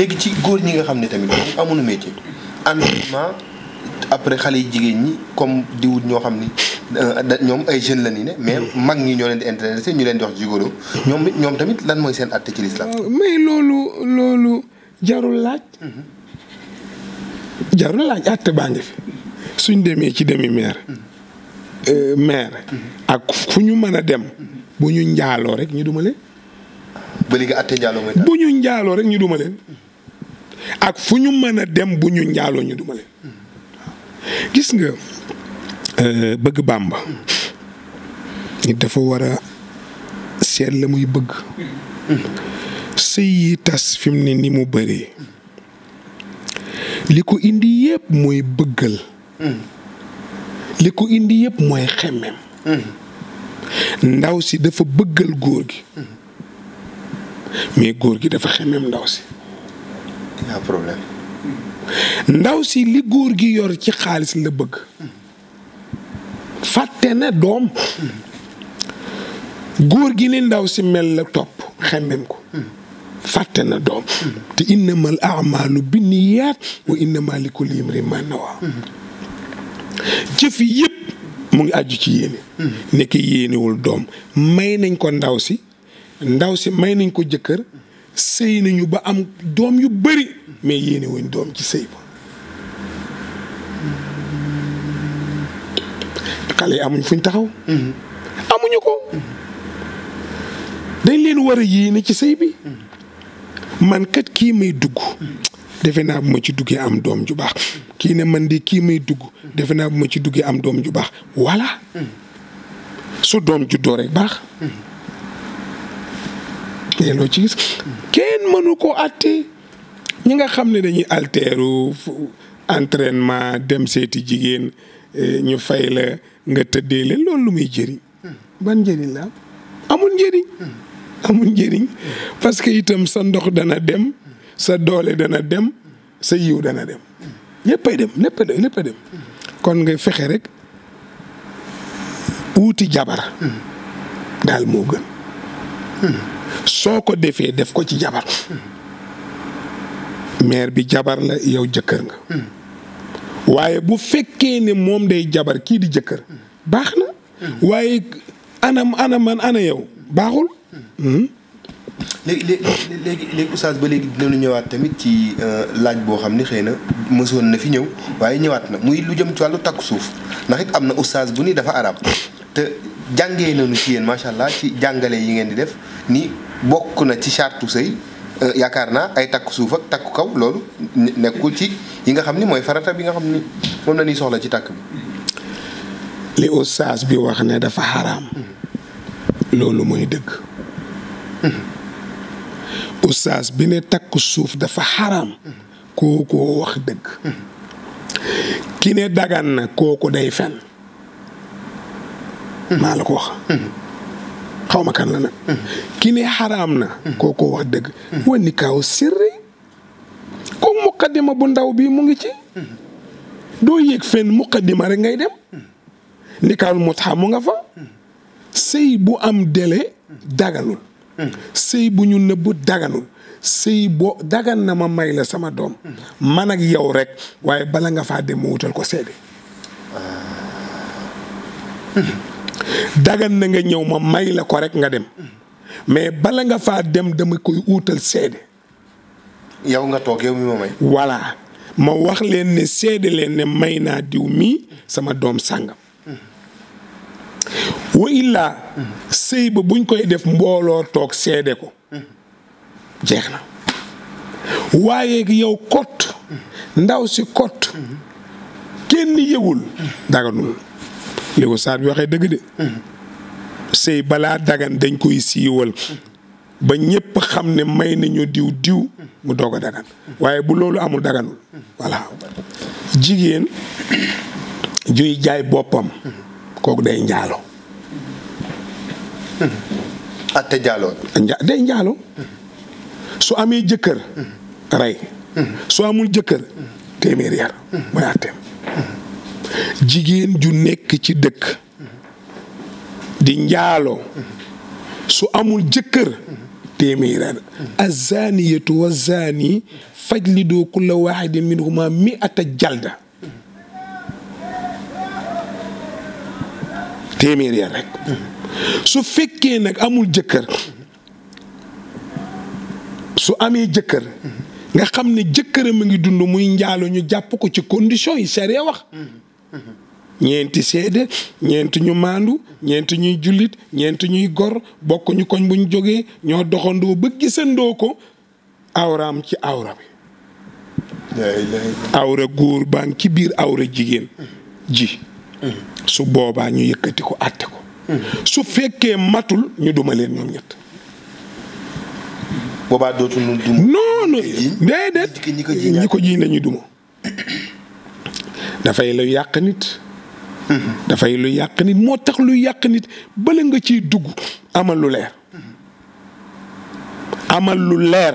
léegi ci góor ñi nga xam ne tamit nu métier environnement après xale yi jigéen ñi comme diwut ñoo xam ni euh, ñoom ay jeunes la nii ne mais mag ñi ñoo leen di intéressé ñu leen di wax jigoro ñoom ñoom tamit lan mooy seen àtte ci lislaam euh, mais loolu loolu jarul laaj mm-hmm. jarul laaj àtte baa ngi fi suñ demee ci demi mm-hmm. euh, maire maire mm-hmm. ak fu ñu mën a dem bu ñu njaaloo rek ñu duma ba léegi àtte njaaloo mooy bu ñu njaaloo rek ñu duma leen ak fu ñu mën a dem bu ñu njaaloo ñu duma leen gis nga euh, bëgg Bàmba nit dafa war a seet la muy bëgg sëy yi tas fim mu ne ni mu bëree li ko indi yëpp mooy bëggal li ko indi yëpp mooy xemmem ndaw si dafa bëggal góor gi mais góor gi dafa xemmem ndaw si problème. ndaw si li góor gi yor ci xaalis la bëgg. fàtte na doom. góor gi ni ndaw si mel la topp xemmem ko. fàtte na doom. te innamal a'maalu binniyaat wa innamaa likulli imri'in maa nawaa. jëf yëpp mu ngi aju ci yéene. nekk yéenewul doom may nañ ko ndaw si ndaw si may nañ ko jëkkër. sëy nañu ba am doom yu bari mais yéene doom ci sëy ba xale yi amuñ fuñ taxaw mm-hmm. amuñu ko dañ leen war a yéene ci sëy bi man kat kii may dugg mm-hmm. defe naa bu ma ci duggee am doom ju baax kii ne man de kii may dugg mm-hmm. defe naa bu ma ci duggee am doom ju baax voilà su doom doo rek baax te ci gis kenn mënu ko atte ñi nga xam ne dañuy alteeru entrainement dem seeti jigéen eh, ñu fay la nga tëddee leen loolu lu muy jëriñ ban njëriñ la amul njëriñ amul njëriñ parce que itam sa ndox dana dem sa doole dana dem sa yiw dana dem ñëppay dem lépp dem dem kon nga fexe rek wuti jabar daal moo gën soo ko defee def ko ci jabar maire bi jabar la yow jëkkër nga waaye bu fekkee ne moom day jabar kii di jëkkër baax na waaye anam anam man ana yow baaxul hmm? léegi léegi léegi léegi ba léegi dinañu ñëwaat tamit ci euh, laaj boo xam ni xëy na mësoon na fi ñëw waaye ñëwaat na muy lu jëm ci wàllu takk suuf ndax am na oustaz bu ni dafa arab jàngee nañu ci yéen macha allah ci jàngale yi ngeen di def ni bokk na ci chartu sëy euh, yaakaar naa ay takk suuf ak takku kaw loolu nekkul ci yi nga xam ni mooy farata bi nga xam ni moom la ñuy soxla ci tàkk bi. li ustaas bi wax ne dafa xaraam. Mm-hmm. loolu mooy dëgg. Mm-hmm. ustaas bi ne takku suuf dafa xaraam. Mm-hmm. kooku wax dëgg. ki ne dagan na kooku day fen. maa la ko wax. xaw ma kan la nag. ki ne xaraam na. kookoo wax dëgg. wa nikaaw sirri. ko muqaddima bu ndaw bii mu ngi ci. doo yéeg fenn muqaddima rek ngay dem. nikaaw mutxa mu nga fa. sëy bu am délai daganul. sëy bu ñu nëbbu daganul. sëy boo dagan na ma may la sama doom. man ak yow rek waaye bala nga faa dem mu wutal ko seede. dagan na nga ñëw ma may la ko rek nga dem mais bala nga faa dem dama koy uutal seede. yow nga toog ma voilà ma wax leen ne seede leen ne may naa diw mii sama doom sàngam. wa illaa sëy ba buñ koy def mbooloo toog seede ko. jeex na waaye yow kot. ndaw si kot. kenn yëgul daganul. li ko bi waxee dëgg de sëy balaa dagan dañ koy siiwal ba ñëpp xam ne may nañu diw diw mu doog a dagan waaye bu loolu amul daganul voilà jigéen juy jaay boppam kooku day njaalo ah te njaaloo day njaalo su amee jëkkër rey su amul jëkkër téeméer yar mooy àtteem jigéen ju nekk ci dëkk di njaaloo su amul jëkkër téeméer azaniyatu wa zani fajlidu kulla waxidin minhuma mi ata jalda téeméer ya rek su fekkee nag amul jëkkër su amee jëkkër nga xam ne jëkkëram a ngi dund muy njaalo ñu jàpp ko ci condition yi sariya wax ñeenti seede ñeenti ñu maandu ñeenti ñuy jullit ñeenti ñuy gor bokk ñu koñ buñ jógee ñoo doxandoo ba gisandoo ko awraam ci awra bi awra góor baa ngi ci biir awra jigéen ji su boobaa ñu yëkkati ko àtte ko su fekkee matul ñu duma leen ñoom ñett boobaa dootul ñu duma noonu déedéet ñi ko jiin dañuy duma dafay lu yàq nit. dafay lu yàq nit moo tax lu yàq nit bala nga ciy dugg amal lu leer. amal lu leer.